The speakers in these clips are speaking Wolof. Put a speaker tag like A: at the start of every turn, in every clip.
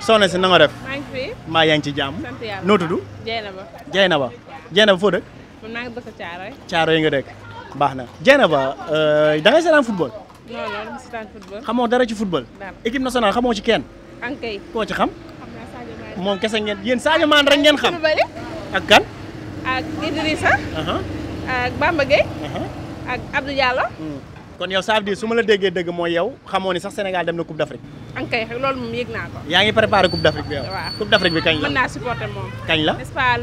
A: soone si na nga def.
B: maa ngi fi. maa yaa ngi ci jàmm. sant yàlla noo tudd. Jeynaba.
A: Jeynaba Jeynaba foo dëkk.
B: man maa nga
A: dëkk baax na. Jeynaba euh, da ngay seetaan football. xamoo dara ci football. équipe nationale xamoo ci kenn.
B: ankay ci
A: xam. xam naa Sadio Mané. moom kese ngeen yéen Sadio rek ngeen xam. ak kan.
B: ak Idrissa. ak Bamba Gueye. ak Abdou Diallo.
A: kon yow ça su ma la déggee dëgg mooy yow xamoo ni sax Sénégal dem na Coupe d'Afrique.
B: ankay loolu moom yëg naa ko.
A: yaa ngi préparé Coupe d'Afrique bi yow. waaw d'Afrique bi kañ la mën naa
B: supporter moom. kañ la n'est-ce pas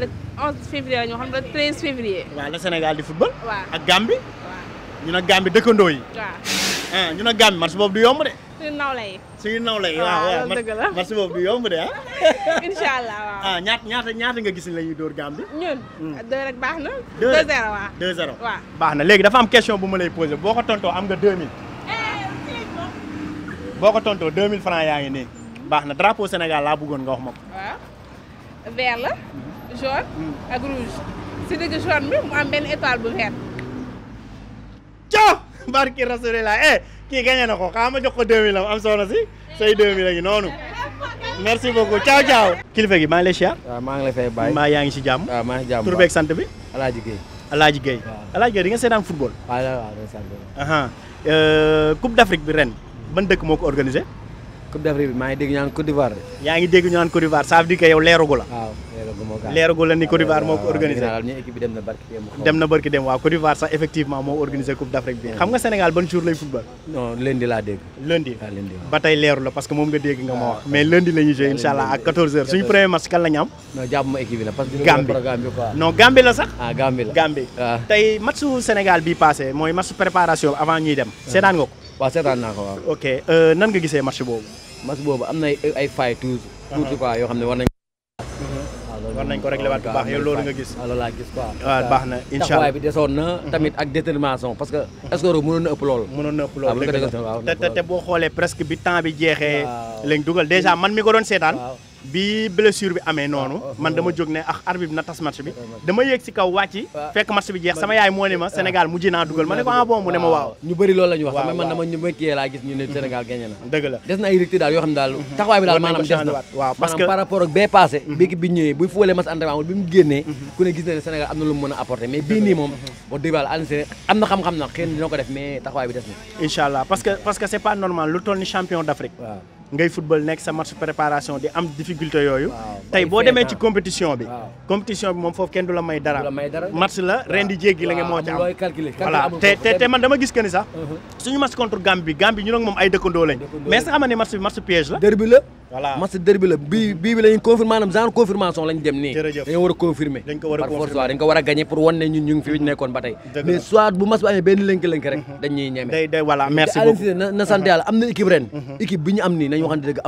B: février la ñu xam le 13 février. waaw la
A: Sénégal di football. ak Gambie. waaw ñu ne Gambie dëkkandoo yi. waaw ñu ne Gambie match boobu du yomb de. suñu naw lay. suñu naw lay waaw waaw match boobu du yomb de ah. incha ah ñaata ñaata ñaata nga gis ne la ñuy dóor Gambie.
B: ñun. Hmm. deux rek baax na. deux zéro waaw
A: baax na léegi dafa am question bu ma lay posé boo ko tontoo am nga 2000. Eh, boo ko tontoo 2000 francs yaa ngi nii. Hmm. baax na drapeau Sénégal laa bëggoon nga wax ma
B: hmm. jaune ak rouge. si digg jaune bi mu am benn étoile bu vert. caa barki rasulillah eh kii
A: gagné na ko xaaral ma jox ko 2000 am am si eh, say 2000 la ñu noonu. merci beaucoup ciao ciao. kilifa gi maa ngi lay siyaar. waaw maa ngi lay fay bàyyi. maa yaa ngi si jàmm. waaw maa ngi si jàmm tur beeg sant bi. Alaaji Guèye. Alaaji Guèye. waaw Alaaji di nga seetaan football. waaw waaw waaw di nga euh, d'Afrique bi ren ban dëkk moo ko organisé. coupe d'Afrique bi maa ngi dégg ñu naan Côte d'Ivoire de. yaa ngi dégg ni Côte
C: d'Ivoire moo ko organisé. dem na barki dem. na
A: barki dem waaw Côte d'Ivoire sax effectivement moo organisé coupe d'Afrique bi. xam nga Sénégal ban jour lay football.
C: non lundi laa ah,
A: ba tey leeru parce que moom nga dégg nga ma wax. Ah, mais lundi la ñuy joué incha ak 14h suñu premier match la ñu am.
C: non jàpp équipe bi la parce que. la sax. ah Gambie la Gambie.
A: Ah. Sénégal bii passé mooy matchu préparation avant ñuy dem seetaan nga waaw seetaan
C: naa ko waaw. ok euh, nan nga gisee match boobu. match boobu am na ay faay toujours. Uh-huh. tuuti quoi yoo xam ne war nañ.
D: Uh-huh.
C: war nañ ko réglé waat bu baax yow loolu nga gis. Ah, laa gis quoi. waaw ah, baax na incha allah bi desoon na. Uh-huh. tamit ak détermination parce que. est ce que mënoon na ëpp lool. mënoon na ëpp lool dëgg te
A: te boo xoolee presque bi temps bi jeexee. lañ dugal dèjà man mi ko doon seetaan. bi blessure bi amee noonu ah, ah, man dama ah. jóg ne ak arbitre bi na tas match bi dama yéeg si kaw wàcc fekk
C: match bi jeex sama yaay moo ne ma Sénégal naa dugal ma ne ko ah bon mu ne ma waaw man ne des na ay rëcc daal yoo xam ne daal mhm. taxawaay bi daal maanaam des na waaw par rapport bee passé mhm. bi bi ñëwee bu foolee match entraînement bi mu génnee mhm. ku ne gis na ne Sénégal am na lu mu mën a apporter mais bii nii moom ba dëgg daal Aliou am na xam-xam na xëy na dina ko def mais taxawaay
A: ngay football nekk sa match préparation di am difficulté yooyu. tey boo demee ci compétition bi. compétition bi moom foofu kenn du la may dara. match la ren di jéggi la nga moo ci am. voilà te te te man dama gis que ni sax. Uh-huh. suñu match contre Gambie Gambie
C: ñu ne moom ay dëkkandoo lañ. mais sax xam ne match bi match piège la. voilà match derby la bii bii genre confirmation lañ dem nii dañoo war a confirmer dañ ko war a confirmer war a gagné pour wan ne ñu ngi fi mhm. nekkoon ba tey mais soit bu match bi amee benn lënk-lënk rek mhm. dañuy ñeme na sant am na équipe ren mhm. bi ñu am nii nañu waxante dëgg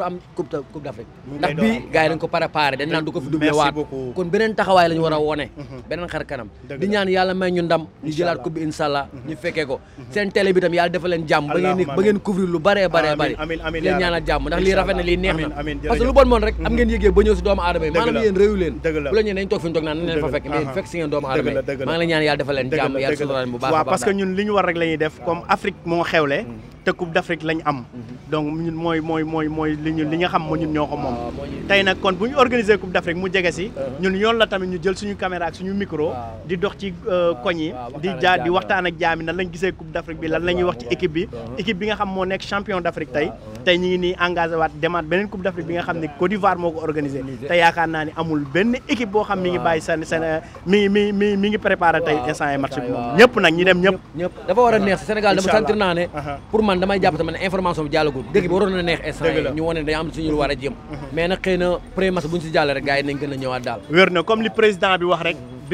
C: am kon d'Afrique ndax bii du ko fi doublé waat kon beneen taxawaay lañu war a wone beneen xar kanam di ñaan yàlla may ñu ndam jëlaat coupe bi inshallah ñu fekkee fekkee seen télé bi tam yàlla defal jàmm ba ngeen ba lu bare bare leen ñaanal jàmm ndax lii rafet na lii neex na parce lu bon moon rek am ngeen mm-hmm. yëgee ba ñëw doomu aadama yi maanaam yéen réew leen bu la ñeen toog fi ñu toog naan nañ leen fa fekk mais fekk si ngeen doomu aadama maa ngi la ñaan yàlla defal leen jàmm yàlla sutural bu baax waaw parce
A: ñun li ñu war rek la def comme mm. Afrique moo xewle mm. te coupe d'Afrique lañ am. donc ñun mooy mooy mooy mooy li ñu li nga xam ñun ñoo ko moom. Ah, tey nag kon bu ñu organiser coupe d'Afrique mu jege si. Uh-huh. ñun yoon la tamit ñu jël suñu caméra ak suñu micro. di dox ci uh, koñ yi. di jaa di waxtaan ak jaami na lañ gisee coupe d'Afrique bi lan la ñuy wax ci équipe bi. Uh-huh. équipe bi nga xam moo nekk champion d'Afrique tey. Uh-huh. tey ñu ngi nii engagé waat demaat coupe d'Afrique bi nga xam ne Côte d'Ivoire moo ko organisé te yaakaar naa ni amul benn équipe boo xam mi ngi bàyyi seen seen mi
C: match ñëpp nag ñëpp dafa war a neex si Sénégal dama sentir naa ne pour man damay jàpp tamit ne information bi jàllagul dëgg bi waroon na neex instant yi ñu wane dañu am suñu war a jëm mais nag xëy premier match bu ñu si jàll rek gars yi nañ gën a ñëwaat daal wér na comme li président bi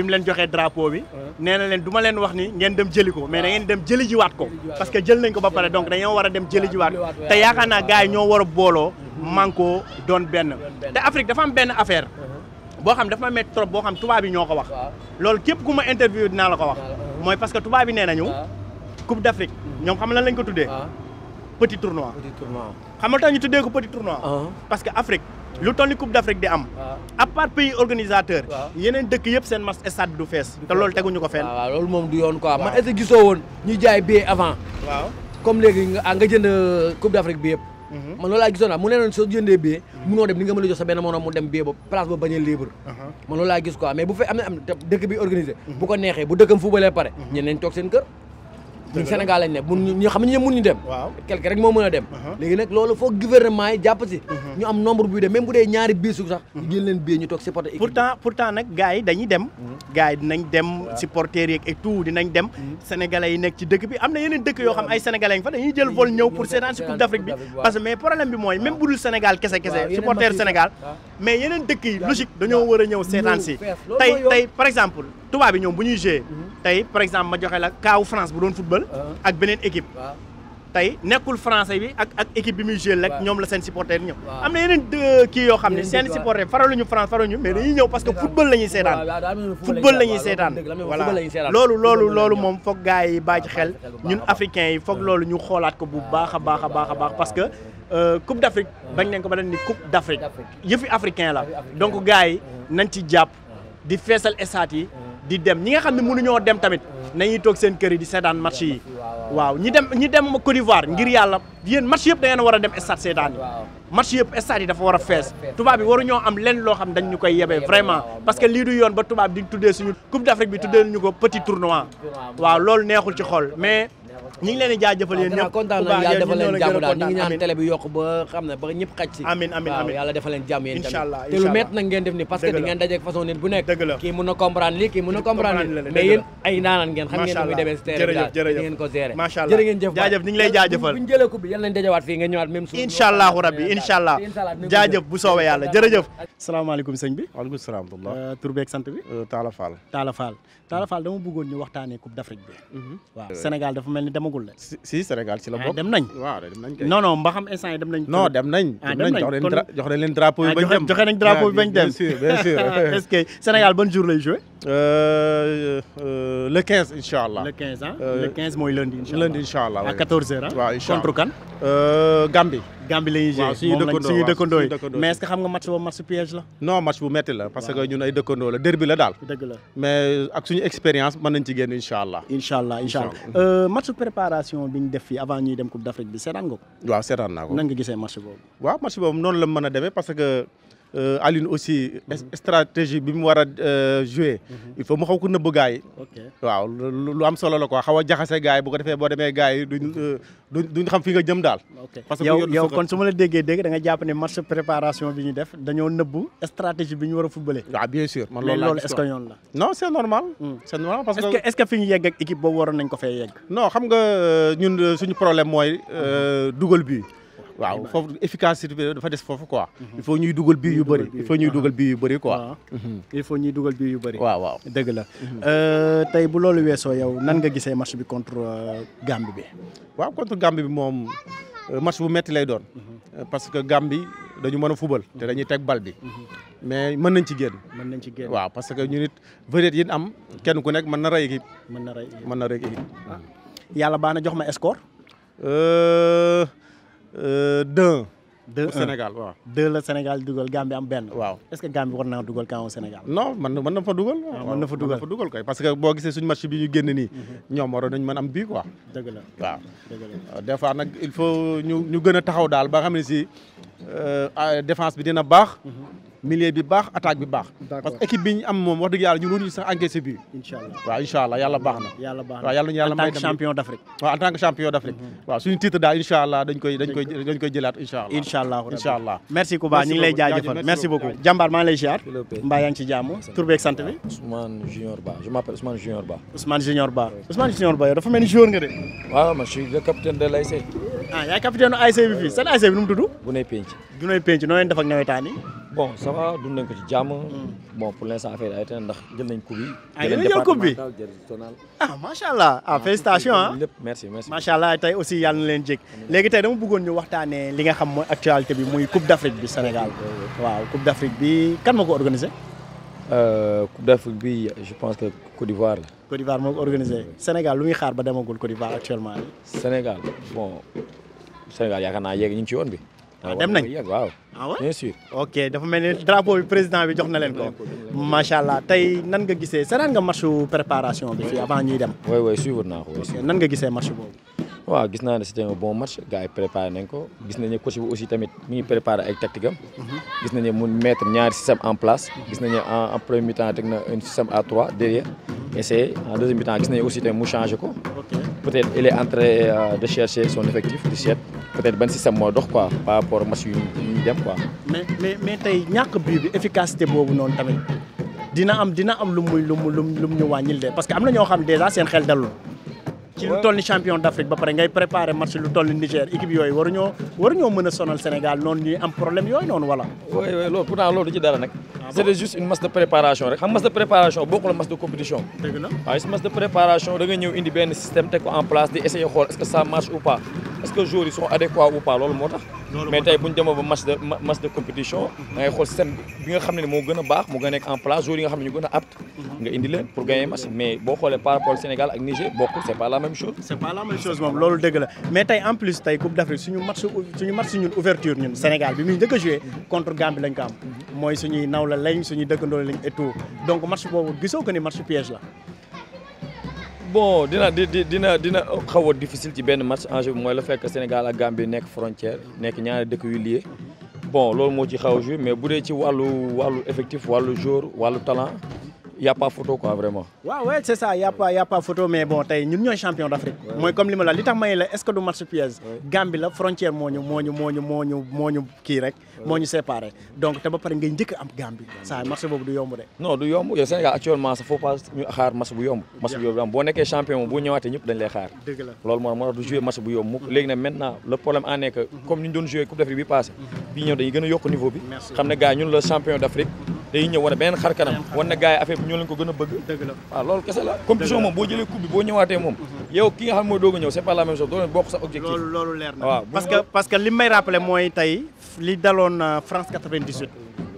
C: bi leen joxee
A: drapeau bi nee na leen du leen wax ni ngeen dem jëli ko mais da ngeen dem jëli jiwaat ko parce que jël nañ ko ba pare donc dañoo war a dem jëli jiwaat ko te yaakaar naa gars ñoo war a booloo mhm. manko doon benn te Afrique dafa am benn affaire mhm. boo xam dafa ma métti trop boo xam tubaab yi ñoo ko wax lool képp ku ma interview dinaa la ko wax mooy parce que tubaab yi nee nañu coupe d'Afrique mhm. ñoom xam lan lañ ko tuddee petit tournoi xam nga tax ñu tuddee ko petit tournoi uh-huh. parce que Afrique lu toll ni Coupe d'Afrique di am. à part pays organisateur. yeneen dëkk yëpp seen mas stade du fees.
C: te loolu teguñu ko fenn. waaw loolu moom du yoon quoi. man est-ce que jaay billet avant. comme léegi nga ah, nga jënd euh, Coupe d'Afrique bi mhm. man loolu laa gisoon ah mu ne noon soo jëndee billet. munoo dem ni nga mën a jox sa benn moroom mu dem billet ba place ba bañ libre. Mhm. man loolu laa gis bu fekk am na am dëkk bi organisé. Mhm. bu ko neexee bu dëkkam fubalee pare. ñeneen toog seen kër. ñun Sénégal lañ ne mun ñu xam ne ñu mun ñu dem quelque rek moo mën a dem uh-huh. léegi nag loolu foog gouvernement yi jàpp uh-huh. uh-huh. leen bii ñu toog supporter équipe pourtant pourtant nag gars yi dañuy dem gars yi dinañ
A: dem supporters yeeg bi am na yeneen dëkk yoo xam ay sénégalais fa dañuy jël vol ñëw pour seetaan si coupe d'Afrique bi parce que mais problème bi mooy même a ñëw seetaan si tey tey par exemple tubaab yi ñoom bu ñuy jouer mhm. tey par exemple ma joxe la kaaw France bu doon football. Ah. ak beneen équipe. tey nekkul français bi ak ak équipe bi muy jouer rek ñoom la seen supporter ñëw. am na yeneen euh, kii yoo xam ne seen supporter faraluñu France faraluñu mais dañuy ñëw parce que football la ñuy seetaan.
C: football la ñuy seetaan voilà loolu loolu loolu
A: moom foog gars yi bàyyi ci xel ñun africains yi foog loolu ñu xoolaat ko bu baax a baax a baax a parce que. Euh, Coupe d'Afrique ah. bañ nañ ko ba dañ ni Coupe d'Afrique yëfi africain la donc gars yi nañ ci jàpp ah. di feesal estaat yi. di dem ñi nga xam ne ñoo dem tamit nañuy toog seen kër yi di seetaan match yi waaw ñi dem ñi dem Côte d'Ivoire ngir yàlla yéen match yëpp da ngeen war a dem stade seetaan yi match yëpp stade yi dafa war a fees tubaab yi waruñoo am lenn loo xam dañ ñu koy yebee vraiment parce que lii du yoon ba tubaab di tuddee suñu Coupe d'Afrique bi tuddee ñu ko petit tournoi waaw loolu neexul ci xol mais ñu ngi leen di jaajëfal yéen ñëpp
C: kontaan na yàlla defal leen jàmm daal ñu ngi ñaan télé bi yokk ba xam ne ba ñëpp xaj si amin amin amin yàlla defal leen jàmm yéen tamit te lu met nag ngeen def ni parce que di ngeen dajeek façon nit bu nekk kii mën na comprendre lii kii mën na comprendre lii mais yéen ay naanaan ngeen xam ngeen muy demee si terrain bi daal di ngeen ko gérer jërë ngeen jëf jaajëf ñu ngi lay jaajëfal bu ñu jëlee ko bi yàlla nañ dajawaat fii nga ñëwaat même suuf incha allahu rabbi incha allah jaajëf
A: bu soobee yàlla jërëjëf salaamaaleykum sëñ bi waaleykum salaam euh, tur beeg sant bi euh, Talla Fall Talla Fall Talla Fall dama bëggoon ñu waxtaanee coupe d'Afrique bi mhm. waaw Sénégal dafa mel ni demagul la. si Sénégal si la ah, dem nañ. waaw dem nañ non non mba dem nañ. no dem nañ. Ah, dem nañ kon
E: jox nañ leen drapeau yi
A: ah, bañ dem joxe nañ drapeau yi bañ dem bien sûr est-ce que Sénégal ban jour lay joué. Euh, euh, le quinze incha allah. le 15 ah euh, le 15 mooy lundi incha allah lundi incha allah. à 14h ah. Gambie la ñuy joué waaw mais est que xam nga match boobu match piège la non match bu metti la parce que ñun ay dëkkandoo la derby la daal mais ak suñu expérience mën nañ ci génn incha allah incha allah euh, match préparation bi ñu def fii avant ñuy dem coupe d'Afrique bi seetaan nga waaw seetaan naa ko nan nga gisee match boobu waaw match boobu noonu la mën a demee parce que Euh, Aline aussi stratégie bi mu war a euh, jouer mhm. il faut mu xaw ko nëbb gars yi waaw lu am solo la ko xaw a jaxase gars yi bu ko defee boo demee gars yi euh, duñ duñ xam fi nga jëm daal parce que yow kon su ma la déggee dégg da nga jàpp ne match préparation bi ñu def dañoo nëbb stratégie bi ñu war a footballé waaw ah, bien sûr man loolu loolu est-ce que yoon la non c'est normal hmm. c'est normal parce que est-ce que fi ñu yegg ak équipe boobu waroon nañ ko fay yegg
E: non xam nga ñun suñu problème
A: mooy dugal bi waaw foofu efficacité bi dafa des foofu quoi. Mhm. il faut ñuy dugal bii yu bëri ah. mhm. il faut ñuy dugal bii yu bëri quoi. il faut ñuy dugal bii yu bëri. waaw waaw dëgg la. Mhm. Euh, tey bu loolu weesoo yow nan nga gisee match bi contre euh, Gambie bi. waaw contre Gambie bi moom euh, match bu metti lay doon. parce que Gambie dañu mën a fubal. te dañuy teg bal bi. mais mën nañ ci génn. mën nañ ci génn waaw parce que ñu nit vedette yi am kenn ku nekk mën na rey équipe. mën na rey équipe mën na rey équipe. Ah. yàlla baax na jox ma score. Euh, deux. deux Sénégal waaw. deux la Sénégal dugal Gambie am benn. waaw est-ce que Gambie war naa dugal camp au Sénégal. non man ah, na fa dugal. mën na fa dugal koy parce que
E: boo gisee suñu match bi ñu génn nii. Mhm. ñoom waroon nañ mën am bii quoi. dëgg la waaw. dëgg la euh,
A: des nag il faut ñu ñu gën a taxaw daal ba nga xam ne si euh, ah, défense bi dina baax. Mhm. milieu bi baax attaque bi baax. parce que équipe bi ñu am moom wax dëgg yàlla sax encaissé bi. waaw incha allah yàlla baax na. yàlla baax na waaw champion d' waaw en tant que mm-hmm. daal incha allah dañ koy jëlaat incha allah. incha allah merci Kouba ñu ngi lay jaajëfal merci mbaa yaa ngi ci jàmm tur beeg sant bi. Ah, Ousmane Junior Ba je m' appelle Ousmane Junior Ba. Ousmane Junior Ba Ousmane Junior Ba yow dafa mel ni joueur
F: bon ça va dund nañ ko ci jàmm. Mm. bon pour l' instant affaire yi ay ndax jël nañ coupe bi. Ah, jël nañ départemental jël ah macha allah ah, ah félicitations ah. lépp merci merci. allah tey aussi yàlla na
A: leen jég. léegi tey dama bëggoon ñu waxtaanee li nga xam mooy actualité bi muy coupe d' bi Sénégal. waaw coupe d' afrique bi kan moo ko organisé.
F: Euh, coupe d' bi je pense que Côte
A: d'Ivoire la. Côte d'Ivoire moo ko organisé Sénégal lu muy xaar ba demagul Côte d'Ivoire actuellement. Sénégal bon Sénégal yaakaar naa yegg ñu ngi ci yoon bi. Ah, dem nañ waaw ah, bien sûr. ok dafa mel ni drapeau bi président bi jox na leen ko. macha allah tey nan nga gisee seetaan nga marchu
F: préparation bi fii avant ñuy dem. oui oui suivre naa ko. nan nga gisee marche boobu. waaw gis naa ne c'était un bon match gars yi préparé nañ ko gis nañ ne coach bi aussi tamit mi ngi ay tactique am. Mhm. gis nañ ne mun mettre ñaari système en place. Mhm. gis nañ ne en premier temps teg na un système à trois derrière. essayé en deuxième temps gis nañ aussi tamit mu changé ko. peut-être il est en euh, son effectif di seet. peut-être ban système moo dox quoi par rapport match yu ñu dem quoi.
A: mais mais tey ñàkk bii bi efficacité boobu noonu tamit dina am dina am lu muy lu mu lu mu ñu wàññil de parce que am na ñoo xam déjà seen xel dalul. ci lu toll ni champion d'Afrique ba pare ngay préparer match lu
F: toll ni Niger équipe yooyu waruñoo mën a sonal Sénégal noonu ñuy am problème yooyu noonu wala. waaw waaw loolu pourtant loolu du ci dara nag. Ah, c'était juste une masse de préparation rek xam masse de préparation bokkul masse de compétition. dëgg la masse de préparation da nga ñëw indi benn système teg en place di essayer xool est-ce que ça marche ou pas est-ce que joueurs yi sont adéquats pas loolu moo tax. mais tey bu ñu demee ba de compétition. da xool système bi nga xam ne moo gën a baax mu gën a nekk en place joueurs yi nga xam ne ñu gën a apte. nga indi leen pour gagner match mais boo xoolee par rapport Sénégal ak Niger bokkul c' est pas la même chose. moom loolu dëgg la mais tey en
A: plus tey Coupe d' Afrique suñu match suñu ñun ouverture ñun Sénégal bi muy njëkk a contre Gambie lañ ko mooy suñuy naw la lañ suñuy dëkkandoo lañ et tout donc match boobu
F: bon dina di dina dina xaw a difficile ci benn match enjeu bi mooy la fekk Sénégal ak Gambie nekk frontière nekk ñaari dëkk yu lié bon loolu moo ci xaw a joué mais bu dee ci wàllu wàllu effectif wàllu joueur wàllu talent y' a pas photo quoi vraiment.
A: mais bon tey ñun ñooy champion d' mooy comme li ma la li tax may la est ce que du match piège. la frontière moo ñu kii rek. moo ñu donc te ba pare ngay ñu
F: xaar am boo nekkee champion boo ñëwaatee ñëpp dañ lay xaar. loolu moo moo tax du mm-hmm. mm-hmm. ñu doon mm-hmm. la champion d' Afrique dañuy ñëw wane beneen xar kanam wan na gars yi ñoo leen ko gën a bëgg dëgg la waaw ah, loolu kese la compétition moom boo jëlee coupe boo ñëwaatee moom yow ki nga xam mooy doog a ñëw c'est pas la même chose doo leen waaw
A: parce que li may rappelé mooy tey li daloon euh, France 98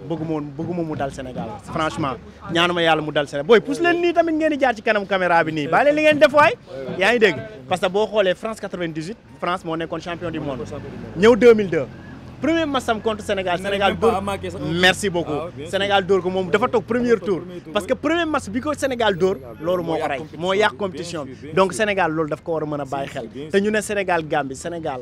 A: bëgguma woon bëgguma mu dal Sénégal franchement ñaanuma yàlla mu dal Sénégal booy pousse leen nii tamit ngeen di jaar ci kanam caméra bi nii bàyyi li ngeen def yaa ngi dégg parce que boo xoolee France 98 France premier match contre Sénégal Sénégal dóor merci beaucoup ah, Sénégal dóor ko moom dafa toog premier tour parce que premier match bi ko Sénégal dóor loolu moo ko rey moo yàq compétition bi donc Sénégal loolu daf ko war a a bàyyi xel te ñu ne Sénégal Gambie Sénégal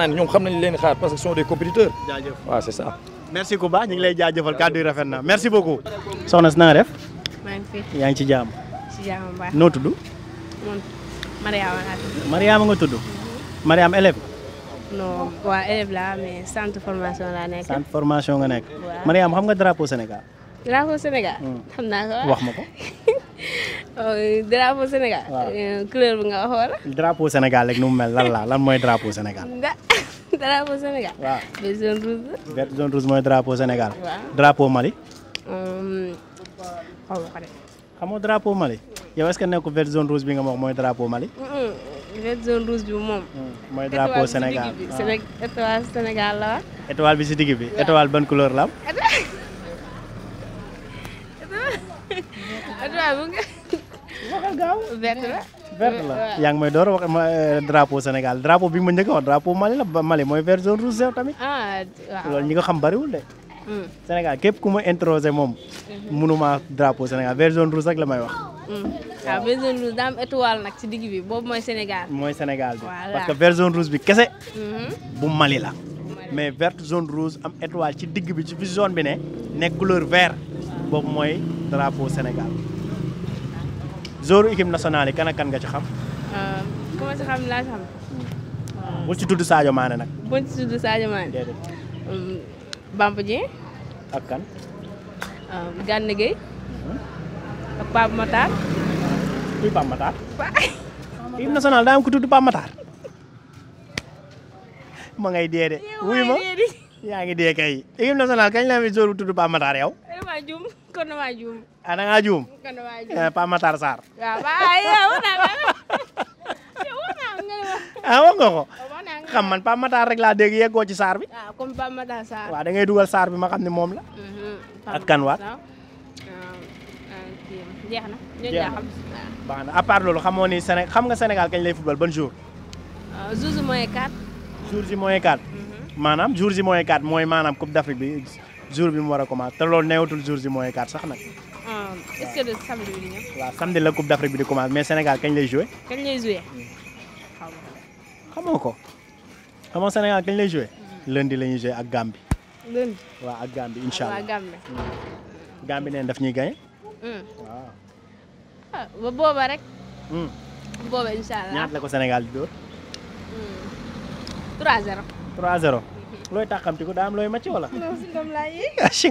F: naa ne ñoom xam nañ leen xaar parce que sont des compétiteurs. jaajëf waaw c'est ça. merci Kouba ñu ngi lay jaajëfal kàddu rafet na merci beaucoup.
A: soxna si na nga def. yaa ngi ci jàmm.
B: ci jàmm baax noo tudd. man Mariama tudd.
A: Mariama nga tudd. Mhm. Mariama élève.
B: non waa élève laa mais centre formation laa nekk. centre
A: formation nga nekk. waaw Mariama xam nga drapeau Sénégal.
B: drapeau Sénégal. Mm. wax ma Oh, drapeau Sénégal. waaw eh, couleur bi nga xool.
A: drapeau Sénégal rek nu lan la lan mooy drapeau Sénégal.
B: drapeau Sénégal. waaw vert jaune rouge.
A: vert jaune rouge mooy drapeau Sénégal. drapeau Mali.
B: Um, xaw ma ko de.
A: xamoo drapeau Mali. yow est-ce que nekku vert jaune bi nga wax mooy drapeau Mali.
B: vert jaune rouge bi moom. Mm, mooy drapeau Sénégal bi ah. si digg bi Sénégal la wax.
A: étoile bi si digg étoile ban couleur la
B: vert la. vert yaa
A: ngi may door wax ma eh, drapeau Sénégal drapeau bi ma njëkk wax drapeau Mali la Mali mooy vert jaune rouge tamit.
B: ah waaw loolu
A: ñi ko xam bariwul de. Hmm. Sénégal képp ku mooy introsé moom.
B: Hmm.
A: mënuma drapeau Sénégal vert zone rouge rek la may wax. waaw
B: hmm. ah, vert jaune daam étoile nag ci digg bi boobu mooy Sénégal.
A: mooy Sénégal bi parce que vert jaune rouge bi kese. bu Mali la. mais vert zone rouge am étoile ci digg bi ci fi zone bi ne nekk couleur vert ah. boobu mooy drapeau Sénégal. zone équipe nationale yi kan ak nga ci xam.
B: Euh, ku ma ci xam laa xam.
A: bul ci tudd saajo Mané nag.
B: bul ci tudd Sadio Mané. déedéet. Euh, Bamba Dieng. ak kan. Euh, Gana Gueye. Mhm. ak Pape Matar. kuy Pape Matar.
A: équipe nationale daa am ku tudd Pape Matar. de. wuy ma yaa ngi dee kay. équipe nationale kañ la amee zone bu tudd
B: Pape kon damaa juum.
A: ah da ngaa juum. kon damaa juum Pa Matar Sarr. waaw
B: waaye yow naa ah wax nga ko.
A: xam man Pa Matar rek laa dégg yeggoo ci Sarr bi.
B: waaw ah, comme Pa Matar Sarr. waaw da ngay dugal
A: Sarr bi ma xam ne moom la.
B: ak kan waat. jeex na ñooñu laa xam. baax na à part loolu
A: xamoo ni Séné xam nga Sénégal kañ lay football ban jour.
B: Ah, jour ji mooy 4.
A: jour ji mooy 4. maanaam jour ji mooy 4 mooy maanaam Coupe d'Afrique bi. jour bi mu war a commencé te loolu neewatul jour bi mooy quatre sax nag.
B: Euh, est bi
A: di Coupe d'Afrique bi di commencé mais Sénégal kañ lay joué. kañ lay Sénégal kañ lay joué. Mm-hmm. lundi la ñuy joué ak Gambie. lundi ak Gambie incha
B: allah
A: mm. neen daf ñuy gagné.
B: Mm. waaw. ah rek. Mm. booba incha allah ñaata
A: la ko Sénégal di dóor. 3 looy tàqamti ko daa am looy màcc wala. non si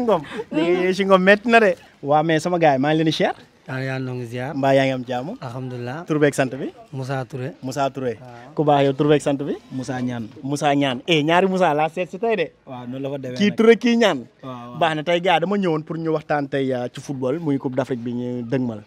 A: ngom na de. waaw mais sama gars yi maa ngi leen di cher. yaa ngi mbaa yaa am jaamu. alhamdulilah tur beeg sant bi. Moussa Touré. Moussa Touré. ku baax yow tur beeg sant bi. Moussa Ñaan. Moussa Ñaan eh ñaari Moussa laa seet si tey de.
G: waaw noonu la kii Touré
A: kii Ñaan. baax na tey gars dama ñëwoon pour ñu waxtaan tey ah, ci football muy Coupe d'Afrique bi ñu dëgmal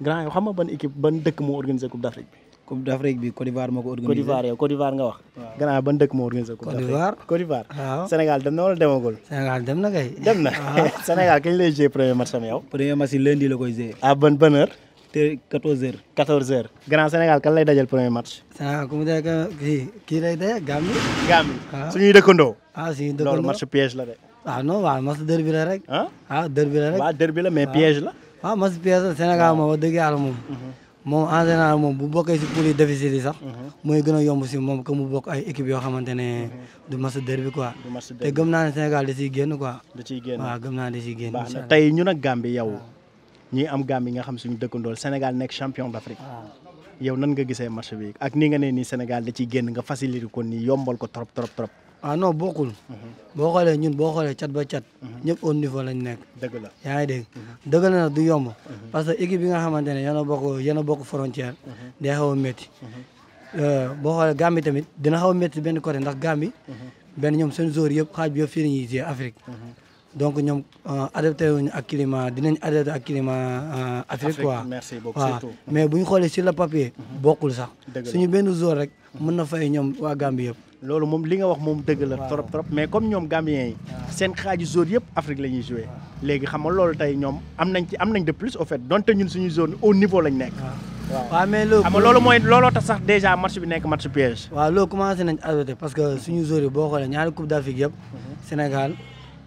A: grand yow xam nga ban équipe ban dëkk moo organisé Coupe d'Afrique bi Coupe d'Afrique bi Côte d'Ivoire moo ko organisé Côte d'Ivoire yow Côte d'Ivoire nga wax. waaw gannaaw ban dëkk moo
G: organisé. Côte d'Ivoire
A: Côte d'Ivoire. waaw Sénégal dem na a demagul.
G: Sénégal dem na kay. dem na Sénégal kañ lay jouer premier match am premier match lundi la koy
D: Sénégal kan lay dajal premier match. Sénégal ku mu dee kii kii lay dee Gambie. Gambie ah. suñuy dëkkandoo. ah suñuy match piège la de. ah non match derby la rek. ah, ah derby la rek. waaw la mais ah. match piège la Sénégal moom wax dëgg yàlla moom. Mhm. moom en général moom bu bokkee si poule yi difficile yi sax. Mhm. mooy gën a yomb si moom que mu bokk ay équipe yoo xamante ne mhm. du match derby quoi. te gëm naa ne Sénégal da ciy génn quoi. da ciy génn gëm naa ne da ciy génn. baax na tey ñun ak Gambie yow ñi am Gambie nga xam suñu dëkkandool Sénégal nekk champion
A: d'Afrique. Ah. yow nan nga gisee match bi ak ni nga ne nii Sénégal da ciy génn nga faciliter ko nii yombal ko trop trop trop.
D: ah non bokkul. Mhm. boo xoolee ñun boo xoolee cat ba mhm. ñëpp au niveau lañ nekk. yaa ngi dégg. Mhm. dëgg la parce que équipe bi nga xamante ne yéen a bokk yéen a bokk frontière. day xaw a métti. Euh, boo xoolee Gambie tamit dina xaw a benn côté ndax Gambie. benn ñoom seen zone yëpp xaaj bi yëpp fii la ñuy jiyee euh, ak climat dinañ adapté ak climat euh, Afrique mais bu ñu xoolee sur le papier. bokkul sax suñu benn zone rek mën na fay ñoom waa Gambie yëpp.
A: loolu moom li nga wax moom dëgg la trop trop mais comme ñoom Gambien yi ah. seen xaaju zone yëpp Afrique la ñuy joué ah. léegi xam nga loolu tey ñoom am nañ ci am nañ de plus au fait donte ñun suñu zone au niveau lañ nekk ah. waaw mais loolu
D: xam mooy looloo tax sax déjà match bi nekk match piège waaw loolu commencé nañ adopté parce que suñu zone yi boo xoolee ñaari coupe d'Afrique yëpp mhm. Sénégal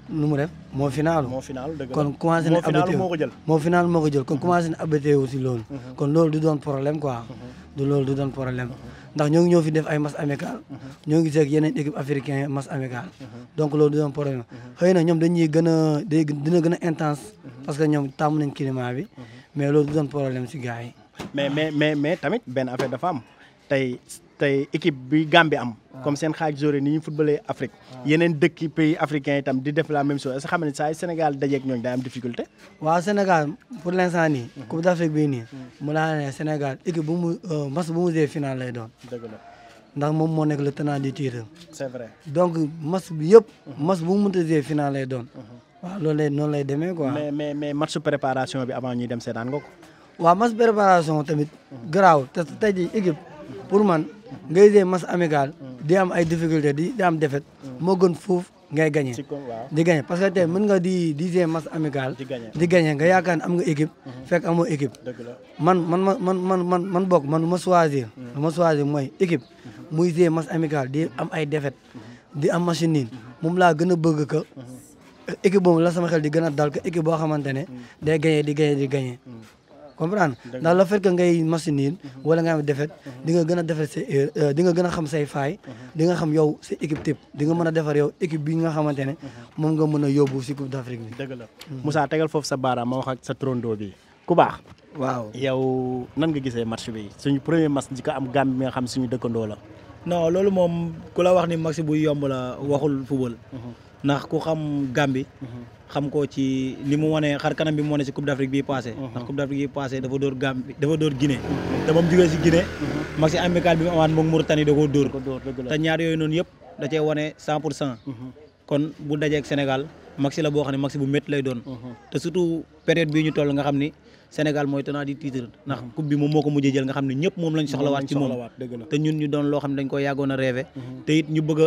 D: nu mu def moo final moo final dëgg kon commencé na abété moo ko moo final moo ko jël kon commencé na abété aussi loolu mhm. kon loolu du doon problème quoi mhm. du loolu du doon problème ndax ñoo ngi ñoo fi def ay match amical mhm. ñoo ngi seeg yeneen équipe africain match amical mhm. donc loolu du doon problème mhm. xëy na ñoom dañuy gën a dina gën a intense parce que ñoom tàmm nañ climat bi mais loolu du doon problème si gars mais mais mais mais tamit
A: benn a dafa am tey tey équipe bi Gambie am. comme seen xaaj joore ni ñu footballé Afrique. Ah. yeneen dëkki pays africain itam di def la même chose est xam ne saa Sénégal dajeeg ñooñu day am difficulté.
D: waaw Sénégal pour l'instant nii. Mhm. Coupe d'Afrique bii nii. Hmm. mu laa ne Sénégal équipe bu mu euh, match bu mu jee final lay doon. dëgg la ndax moom mhm. mhm. lay demee quoi. mais mais mais match préparation bi avant ñuy dem seetaan nga ko. waaw préparation tamit. garaaw te tey jii équipe. pour man nga dee match amical di am ay difficulté di di am défaite moo gën foofu ngay gagné di gagné parce que tey mën nga di di dee match amical di gagné nga yaakaar ne am nga équipe mhm. fekk amoo équipe man man man man man man bokk man ma choisir mhm. ma choisir mooy équipe mhm. muy dee match amical di am ay défaite di am machine niin moom laa gën a bëgg que équipe boobu la sama xel di gën a dal que équipe boo xamante ne day gagné di gagné di gagné comprendre ndax la fekk ngay machine yi mhm. wala nga am defet mhm. di gën a defar euh, euh, a xam say faay mhm. di nga xam yow sa équipe type di nga mën a defar yow équipe bi nga xamante ne moom nga mën a yóbbu si Coupe d'Afrique bi
A: dëgg tegal foofu sa baara ma wax ak sa trondoo bi ku baax waaw yow nan nga gisee match bi suñu premier match di ko am Gambie bi nga xam suñu dëkkandoo la
G: non loolu moom ku la wax ni match bu yomb la waxul football ndax ku xam Gambie xam ko ci li mu wane xar bi mu wane si uh-huh. Coupe d'Afrique bi passé dafa dóor Gambie dafa dóor Guinée te ba mu jógee si Guinée uh-huh. mag si amical bi mu uh-huh. dajeek Sénégal maxi la boo xam ne maxi bu métti lay doon te surtout période bii ñu toll nga xam ni Sénégal mooy tenant du titre ndax coupe bi moom moo ko mujjee jël nga xam ne ñëpp moom lañ soxlawaat ci moom te ñun ñu doon loo xam dañ ko yàggoon a rêvé te it ñu bëgg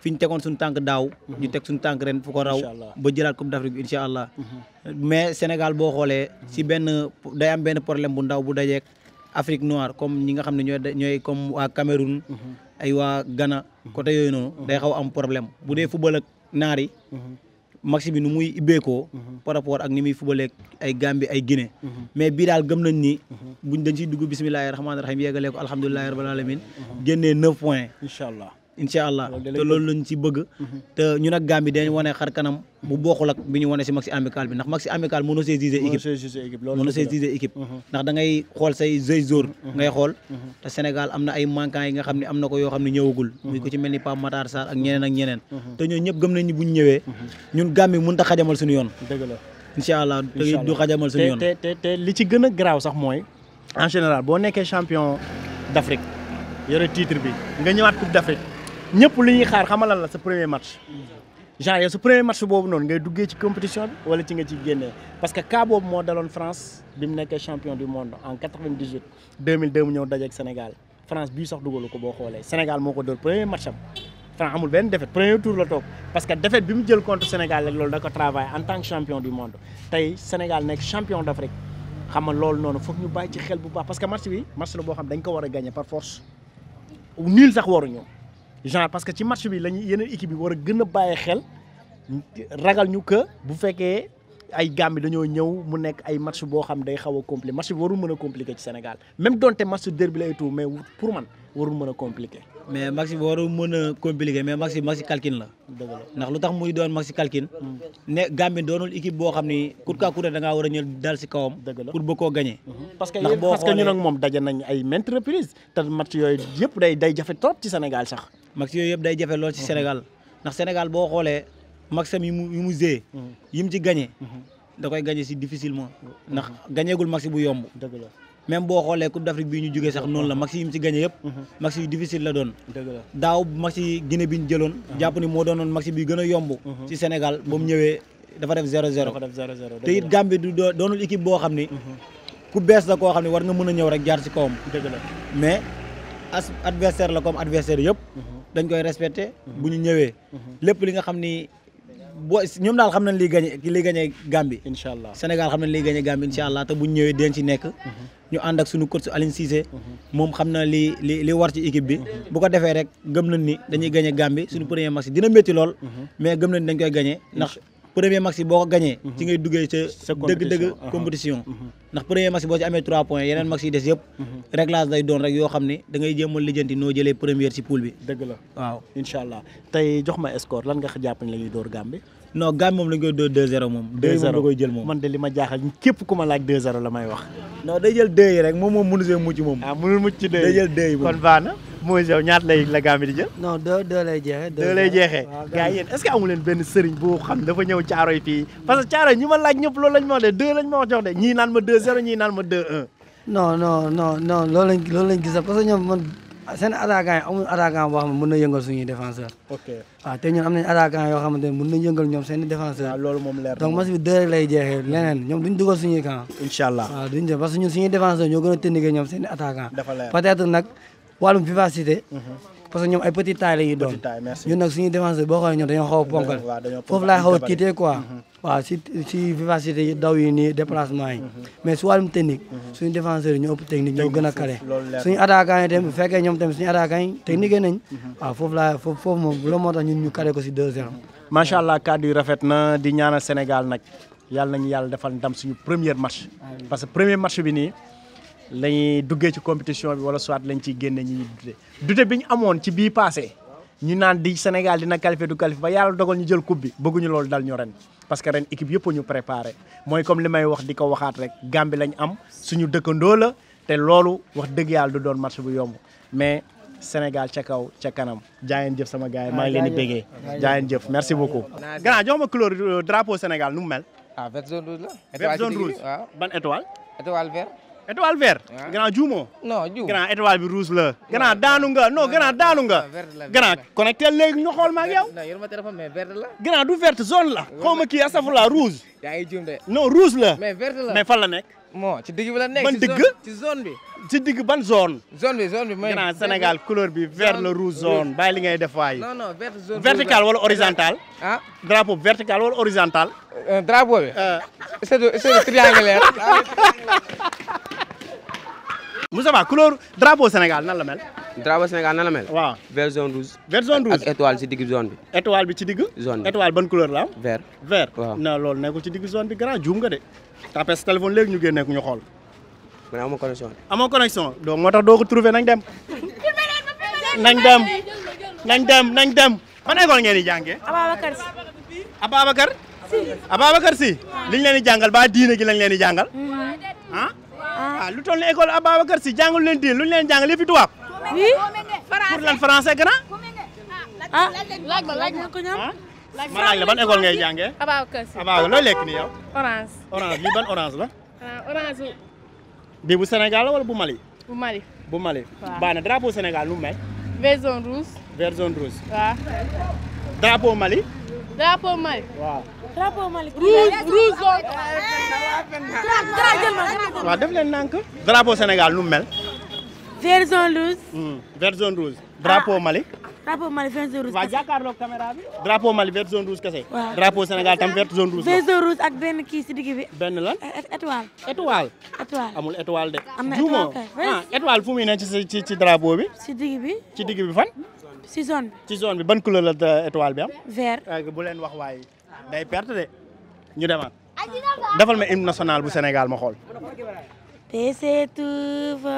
G: fi ñu tegoon suñu tànk daaw. Mhm. ñu teg suñu tànk ren fu ko raw. ba jëlaat coupe d'Afrique bi incha allah. Mhm. mais Sénégal boo xoolee. Mhm. si benn day am benn problème bu ndaw bu dajeek Afrique noire comme ñi nga xam ne ñooy ñooy comme waa Cameroun. ay waa Ghana. côté yooyu noonu. day xaw am problème bu dee football naari naar bi nu muy ibbeekoo. par rapport ak ni muy fubaleeg ay Gambie ay Guinée. mais bi daal gëm nañ ni. buñ dañ ciy dugg bisimilah rahmaani rahiim yeggalee ko alhamdulilah rabbil alamin génnee 9 points. incha allah. incha allah te loolu lañ ci bëgg mhm. te ñun ak Gambie dañ wane xar kanam bu bokkul ak bi ñu wane si maxi amical bi ndax maxi amical mënoo see gisee
A: équipe mënoo see mhm.
G: ndax da xool say jeu jour mhm. ngay xool te Sénégal am na ay manquant yi nga xam ne am na ko yoo xam ne ñëwagul muy ko ci mel ni Pape Matar Sarr a xajamal suñu yoon dëgg allah du xajamal suñu yoon te li ci gën a sax mooy en général
A: boo nekkee champion d'Afrique yore titre bi nga ñëwaat coupe d'Afrique ñëpp li ñuy xaar xamal la sa premier match. genre yow sa premier match boobu noonu ngay duggee ci compétition bi wala ci nga ci génnee parce que cas boobu moo daloon France bi mu nekkee champion du monde en 98 2002 mu ñëw dajeeg Sénégal France bii sax dugalu ko boo xoolee Sénégal moo ko dóor premier match am. France amul benn défaite premier tour la toog parce que défaite bi mu jël contre Sénégal rek loolu da ko travail en tant que champion du monde tey Sénégal nekk champion d' Afrique xam nga loolu noonu foog ñu bàyyi ci xel bu baax parce que match bi match la boo xam dañ war a gagné genre parce que ci match bi lañu yeneen équipe bi war a gën a bàyyi xel ragal ñu que bu fekkee ay Gambie dañoo ñëw mu nekk ay match boo xam day xaw a compliqué match bi warul mën a compliqué ci Sénégal même
G: donte match derby lay tout mais pour man warul mën a compliqué mais maxi waru mën a compliqué mais maxi maxi kalkin la. ndax lu tax muy doon maxi kalkin. ne Gambie doonul équipe boo xam ni. coûte que coûte da ngaa war a ñël dal si kawam. pour ba ko gagné. parce que parce que ñun ak moom daje nañ ay maintes reprises te match yooyu yëpp day day jafe trop ci Sénégal sax. match yooyu yëpp day jafe ci Sénégal ndax Sénégal boo xoolee maxam yi mu yi mu yi mu ci gagné. da koy gagné si difficilement. ndax gagné gul maxi bu yomb. dëgg la. même boo xoolee Coupe d'Afrique bii ñu jógee sax noonu la match yi mu ci gagné yëpp mhm. match yu difficile la doon daaw match yi Guinée bi ñu jëloon mhm. jàpp ni moo doonoon match bi gën a yomb mhm. ci Sénégal ba mu ñëwee dafa def zéro zéro te it Gambie du doonul boo xam ni ku bees la koo xam ne war nga mën a ñëw rek jaar ci kawam mais adversaire la comme adversaire yëpp dañ koy respecté bu ñu ñëwee lépp li nga xam ni boo ñoom daal xam nañ liy gagné liy gagné Gambie. incha allah Sénégal xam nañ liy gagné Gambie incha allah te bu ñëwee den nekk. Mm-hmm. ñu ànd ak suñu coach Aline Cissé. Mm-hmm. moom xam na li li li war ci équipe bi. Mm-hmm. bu ko defee rek gëm nañ ni dañuy gagné Gambie suñu premier match dina métti lool. mais gëm nañ dañ koy gagné ndax. premier match boo ko gañee mhm. ci ngay duggee sa dëgg-dëgg compétition mhm. ndax premier match boo ci amee trois points yeneen match yi des yëpp mhm. réglage day doon rek yoo xam ne da ngay lijjanti noo jëlee première ci poule bi dëgg la waaw incha allah tey jox ma score lan nga jàpp ne la ñuy Gambie non Gambie moom la koy door 2 moom
A: 2-0 moom man see mucc moom ah mënul ci 2 day jël kon baax mooy yow la gaa mi di jël. non deux deux lay jeexee. deux lay jeexee gars yéen est-ce que amu leen benn sëriñ boo xam dafa ñëw caaroy fii parce que caaroy ñi
D: ma laaj ñëpp loolu lañ ma wax de deux de ñii naan ma deux zéro ñii naan ma deux un. non non non non loolu lañ loolu leneen ñoom duñ dugal suñuy camp. incha allah waaw duñ parce que ñun suñuy défenseur ñoo gën a technique wàllum vivacité. Mhm. parce que ñoom ay petit taille la ñuy doon ñun nag suñuy défenseur boo ñoom dañoo xaw a ponkal foofu laay xaw tiitee quoi mhm. waaw si vivacité yi daw yi nii déplacement yi mhm. mais su wàllum technique suñu défenseurs yi ñoo ëpp technique ñoo gën a kale suñu attaquant bu fekkee ñoom tamit suñu attaquant yi technique yi nañ foofu laa foofu foofu moom loolu moo tax ñun ñu kale ko si deux zéro
A: macha allah kàddu yi rafet na di ñaanal Sénégal nag yàlla nañu yàlla defal ndam suñu premier match parce que premier match bi nii lañuy duggee ci compétition bi wala soit lañ ciy génne ñuy dute dute bi ñu amoon ci bii passé ñu naan di Sénégal dina qualifié du qualifié ba yàlla dogal ñu jël coupe bi bëgguñu loolu dal ñu ren parce que ren équipe yëpp ñu préparé mooy comme li may wax di ko waxaat rek Gambie lañ am suñu dëkkandoo la te loolu wax dëgg yàlla du doon match bu yomb mais Sénégal ca kaw ca kanam jaayeen jëf sama gars yi maa ngi leen di ah, bégee jaayeen jëf merci beaucoup gannaaw jox ma couleur euh, drapeau Sénégal mu mel ah, la
C: vert
D: zone rouge
A: étoile vert. waaw ah. grand juumoo.
C: non juum grand
A: étoile bi rouge la. grand daanu nga non grand daanu nga. grand connecté léegi ñu ma ak yow. la.
C: grand du vert zone la. xaw ma kii yaa ngi juum de. la. mais vert la mais
A: fan moo ci digg bi la nekk. man digg ci zone bi. ci digg ban zone. zone bi zone bi mooy. grand Sénégal couleur bi vert la rouge zone bàyyi li ngay def waay. non
C: non vert zone vertical wala horizontal.
A: ah drapeau vertical wala horizontal. Euh, drapeau bi. Euh.
G: c'est le triangulaire.
A: Moussa Ba couleur drapeau Sénégal nan la mel. drapeau Sénégal nan la mel. waaw vert zone rouge. vert zone rouge ak étoile ci digg zone bi. étoile bi ci digg. zone bi étoile ban couleur la am. vert vert. waaw non loolu nekkul ci digg zone bi grand juum nga de. tapé sa téléphone léegi ñu génneeku ñu xool. man amoo connexion. amoo connexion donc moo tax doo ko trouvé nañ dem. nañ dem nañ dem nañ dem. man école ngeen di jàngee. Ababacar si. Ababacar. si Ababacar si. liñ leen di jàngal ba diine gi lañ leen di jàngal.
B: Mm-hmm. Ah?
A: Ah. ah. lu tol ni école Ababacar si jàngalu leen diine luñ leen jàngal yëpp tubaab.
B: oui. pour lan français grand. ah laaj ah? ma laaj la ban école ngay jàngee. abaaw kër lekk nii yow. orange orange lii la. orange
A: bu Sénégal la wala bu Mali. bu Mali bu Mali. waaw baax na drapeau Sénégal lu mu mel. vert jaune drapeau Mali.
B: drapeau Mali. waaw. drapeau Mali. rouge
A: drapeau hmm, ah. Mali.
B: drapeau Mali vert jaune rouge waaw jàkkaarloog caméra bi.
A: drapeau Mali vert jaune kese. drapeau Sénégal tam vert jaune rouge. vert
B: jaune rouge ak benn
A: kii si digg bi. benn lan e, e, étoile. étoile. étoile amul étoile de. am na étoile kay juumoo ah, ci ci drapeau bi. si digg bi ci digg bi fan. si zone bi. ci zone bi ban couleur la euh, étoile bi am. vert bu wax waaye day perte de ñu demaat. dafal ma hymne bu Sénégal ma xool. pèsez tout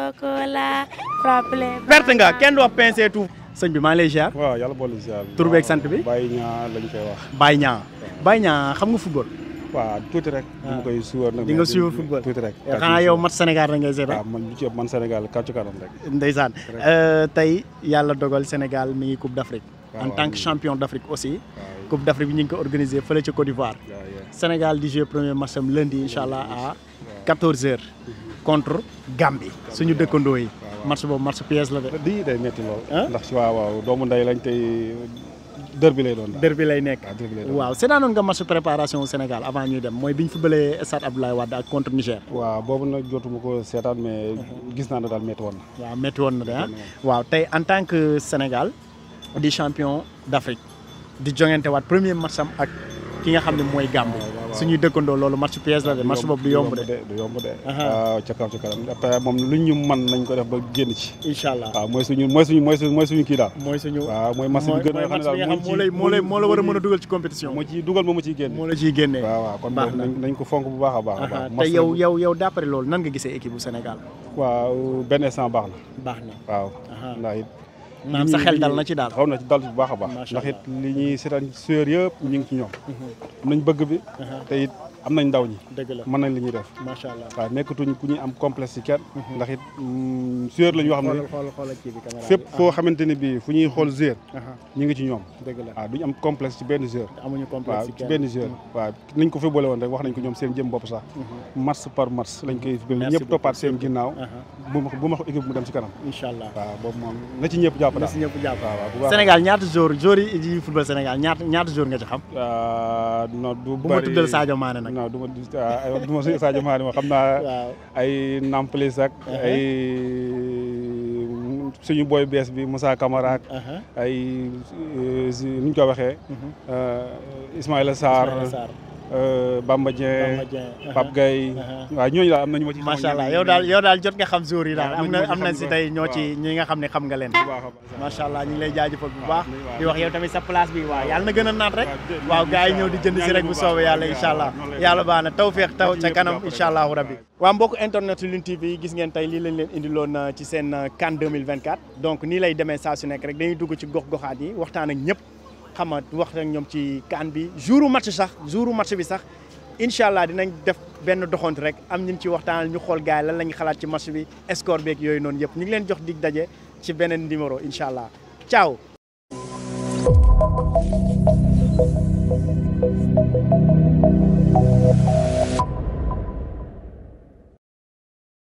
B: la frappé.
A: perte nga kenn du wax tout. sëñ bi maa ngi lay ziar. waaw yàlla boole ziar.
E: tur sant bi Baye Niang lañ wax. Baye Niang Baye Niang xam nga football. waaw tuuti rek. waaw ah. koy suivre nag. di nga suivre football tuuti rek. Eh, xanaa yow mat Sénégal rek ngay seetaan. waaw ah, man lu ci man Sénégal
A: kàccu kanam euh, tey yàlla dogal Sénégal mi ngi Coupe d'Afrique. en tant que champion d'Afrique aussi. Coupe d'Afrique bi ñu ngi ko organisé fële ca Côte d'Ivoire. Sénégal di jouer premier match am lundi incha allah à 14h. contre Gambie suñu dëkkandoo yi. match boobu match pièce la de. di day metti
E: lool. ndax waaw waaw doomu ndey lañ tey
A: dër bi lay doon dër bi lay nekk
E: ah, waaw
A: seetaanoon nga match préparation Sénégal avant ñuy dem mooy bi ñu fubalee stade Abdoulaye Wade ak contre Niger.
E: waaw boobu nag jotuma ko seetaan mais mhm. gis naa ne daal
A: métti woon na. waaw métti woon na de waaw tey en tant que Sénégal di champion d'Afrique di joŋante waat premier match am ak. ki nga xam ne mooy gàmb suñuy dëkkandoo loolu
E: match pièce la de match boobu du yomb de du yomb de waaw ca kaw ca kanam après moom lu ñu man nañ ko def ba génn ci incha allah waaw mooy suñu mooy suñu mooy mooy mooy suñu waaw mooy match bi gën a xam ne moo lay moo lay moo la mën a dugal ci compétition moo ciy dugal moom ma ciy génn waaw waaw kon nañ ko fonk bu baax a baax te yow yow
A: yow d'après loolu nan nga gisee équipe bu Sénégal
E: waaw benn instant baax na baax na waaw maanaam sa xel dal na ci daal xaw na ci dal bu baax a baax ndax it li ñuy seetaan sueur yëpp ñu ngi ci ñoom am mhm. nañ bëgg bi mhm. te it am nañ ndaw ñi. dëgg la mën nañ li ñuy def. macha allah waaw nekkatuñ ku ñuy am complexe ci kenn. Mhm. ndax it joueur mm, la ñu xam fépp foo xamante bii fu ñuy xool joueur. ñu ngi ci ñoom. dëgg la waaw am complexe ci benn joueur. amuñu mhm. nañ ko ñoom mhm. lañ koy. merci toppaat seen ginnaaw. bu ma bu mu dem ci kanam. incha allah waaw boobu moom na ci ñëpp nga ci xam. Ah, non du ma du ma ma xam naa. ay Nampalys ak. Uh-huh. ay suñu boy bees bi Moussa Camara ak. Uh-huh. ay eh, nu ñu ko waxee. Uh-huh. Uh, Ismaïla Sarr Euh, Bamba Dieng uh-huh. Pape Gueye uh-huh. waaw ñooñu daal am macha allah yow daal
A: daal jot nga xam jour yi daal am na am na tey ñoo ci ñi nga xam ne xam nga leen macha allah ñu ngi lay jaajëfal bu baax di wax yow tamit sa place bi waaw yàlla na gën a naat rek waaw gars yi ñëw di jënd si rek bu soobee yàlla incha allah yàlla baax na taw feex taw ca kanam incha allahu rabbi waaw mbokk internet Lune TV gis ngeen tey lii lañ leen indiloon uh, ci seen uh, CAN 2024 donc ni lay demee sa su nekk rek dañuy dugg ci gox goxaat yi waxtaan ak ñëpp xam nga wax rek ñoom ci kaan bi jouru match sax jouru match bi sax incha allah dinañ def benn doxant rek am ñun ci waxtaan ñu xool gars yi lan la ñu xalaat ci match bi score beeg yooyu noonu yëpp ñu ngi leen jox dig daje ci beneen numéro incha allah ciao.